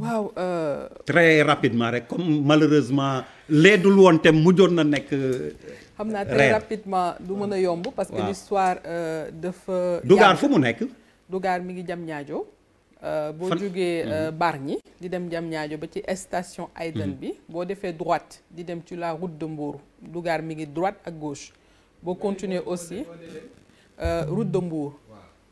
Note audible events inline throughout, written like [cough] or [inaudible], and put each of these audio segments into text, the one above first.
waaw. Euh, très rapidement rek comme malheureusement leedul dul woon te mujjoon na nekk. Euh, xam naa très rapidement du mën a yomb. parce que l'histoire euh, dafa. Dugaar fu mu nekk. Dugaar mi ngi jam ñaajo. boo jógee ñi mhm. di dem jam ñaajo ba ci station Aïdane mhm. bi boo defee droite di dem ci la route de Mbour Dugaar mi ngi droite ak gauche boo continuer aussi route de Mbour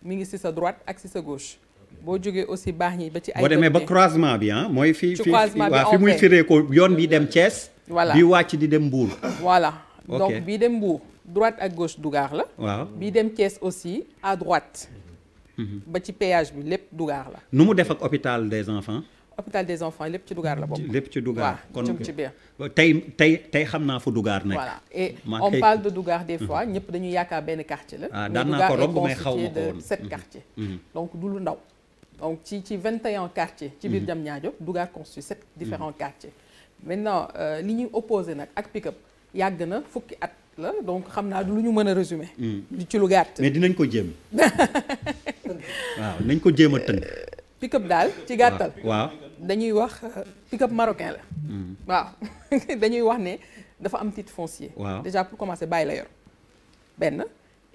mi ngi ci sa droite ak ci sa gauche. boo jógee aussi baax ñi ba ci demee ba croisement bi ah mooy. fii fii waaw fi muy firee ko yoon bi dem cees voilà bi wàcc di dem Mbour. voilà donc bii dem Mbour. droite ak gauche Dougar la. waaw bii dem cees aussi à droite. Mhm. ba ci péage bi lépp Dougar la. nu mu def ak hôpital des enfants. hôpital des enfants lépp ci Dougar la bokk. lépp ci Dougar kon ci biir. tey tey tey xam naa fu Dougar nekk. voilà et on parle de Dougar des mhm. fois ñëpp dañu yaakaar benn quartier la. ah daan naa ko romb may xaw ma ko woon mais mhm. Dougar donc du lu ndaw. donc ci ci 21 quartiers. ci biir mhm. Diamniadio Dougar constitue sept mhm. différents quartiers. maintenant euh, li ñuy opposé nag ak pick-up yàgg na fukki at la donc xam naa du lu ñu mën a résumé. Mhm. ci lu gàtt. mais dinañ ko jéem. [laughs] waaw ko jéem a tënk. daal ci gàttal. waaw dañuy wax euh, pick-up marocain la. waaw [laughs] dañuy wax ne dafa am titre foncier. waaw déjà pour commencer bàyyi la yor benn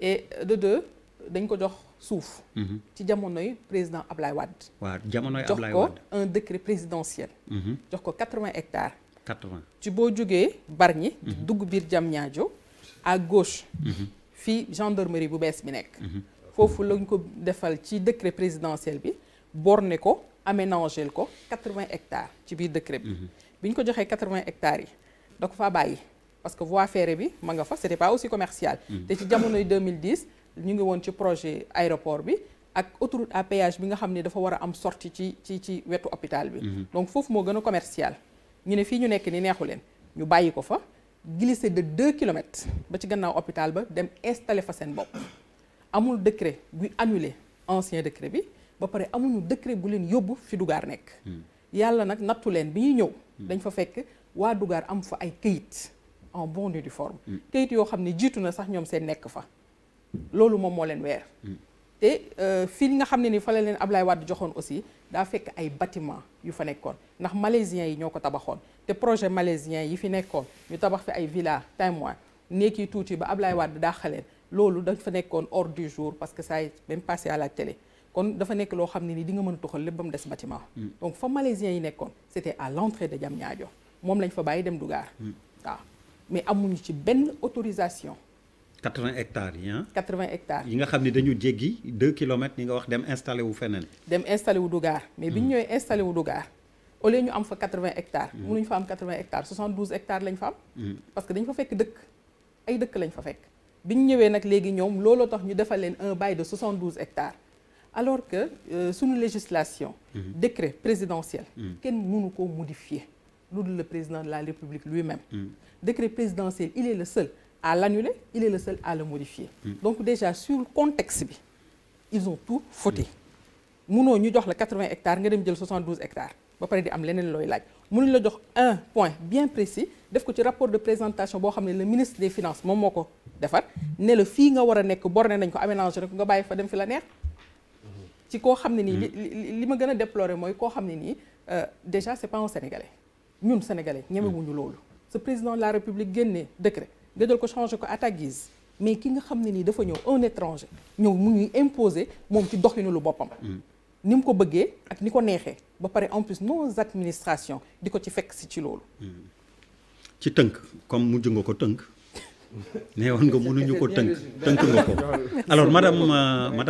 et de deux dañ ko jox. suuf. Mhm. ci jamonoy président Ablaye Wade. waaw jamonoy Ablaye Wade jox ko un décret présidentiel. Mhm. jox ko 80 hectares. 80 ci boo jógee Bargny. Mhm. dugg biir jam Diamniadio à gauche. fii gendarmerie bu bees bi nekk. foofu lañ ko defal ci décret présidentiel bi borné ko aménagé ko 80 hectares ci biir décret bi. bi ñu ko joxee 80 hectares yi da ko faa bàyyi parce que voie ferrée bi ma nga fa c'était pas aussi commercial. te ci jamonoy ñu ngi woon ci projet aéroport bi ak autoroute appage bi nga xam ne dafa war a am sorti ci ci ci wetu hôpital bi mhm. donc foofu moo gën a commercial ñu ne fii ñu nekk ni neexu leen ñu bàyyi ko fa glisser de deux kilomètres ba ci gannaaw hôpital ba dem installer fa seen bopp amul décret buy annuler ancien décret bi ba pare amuñu décret bu leen yóbbu fi Dugaar nekk hmm. yàlla nag nattu leen bi ñuy ñëw hmm. dañ fa fekk waa dugar am fa ay këyit en bonne et due hmm. këyit yoo xam ne jiitu na sax ñoom seen nekk fa loolu moom moo leen weer mm. te euh, fii nga xam ne ni fa la leen Ablaye Wade joxoon aussi daa fekk ay batiment yu fa nekkoon ndax malaisiens yi ñoo ko tabaxoon te projet malaisien yi fi nekkoon ñu tabax fi ay villa témoin néeg yi tuuti ba Ablaye Wade daa xaleen loolu dafa nekkoon hors du jour parce que ça est même passé à la télé kon dafa nekk loo xam ne ni di nga mën a toxal ba mu des bâtiment mm. donc fa malaisiens yi nekkoon c'était à l'entrée de Diamniadio moom lañ fa bàyyi dem Dougar mm. waaw mais amuñu ci benn autorisation 80 hectares yi ah. 80 hectares yi nga xam ne dañu jéggi kilomètre kilomètres ni nga wax dem installé wu feneen. dem installé wu Dougar mais bi ñu hmm. ñëwee installé wu Dougar au lieu ñu am fa 80 hectares. Hmm. mënuñu fa am 80 hectares 72 hectares lañ fa am. Hmm. parce que dañ fa fekk dëkk ay dëkk lañ fa fekk. bi ñu ñëwee nag léegi ñoom looloo tax ñu defal leen un bail de 72 hectares alors que euh, suñu législation. Mmh. décret présidentiel. kenn mënu ko modifier. lu dul le président de la République lui-même. Mmh. décret présidentiel il est à l'annuler il est le seul à le modifier mm. donc déjà sur le contexte bi ils ont tout fauté mm. munoo ñu jox la 80 hectares nga dem jël 72 hectares ba pare di am leneen looy laaj mënuñ la jox un point bien précis def ko ci rapport de présentation boo xam ne le ministre de finances moom moo ko defar ne la fii nga war a nekk borné nañ ko aménagé rek nga bàyyi fa dem fi la neex mm-hmm. ci koo xam ne nii mm. li ma gën a déplorer mooy koo xam ne nii euh, déjà c'est pas un sénégalais ñun sénégalais ñemewuñu loolu ce président la république génnee décret nga jël ko changer ko à ta guise mais ki nga xam ne nii dafa ñëw un étranger ñëw mu ñuy imposer moom ci doxinu lu boppam. Mm. ni mu ko bëggee ak ni ko neexee ba pare en plus nos administrations di ko ci fekk si ci loolu. Mm. ci tënk comme mujj nga ko tënk. [laughs] nee woon nga mënuñu ko tënk tënk nga ko [laughs] alors madame euh, madame.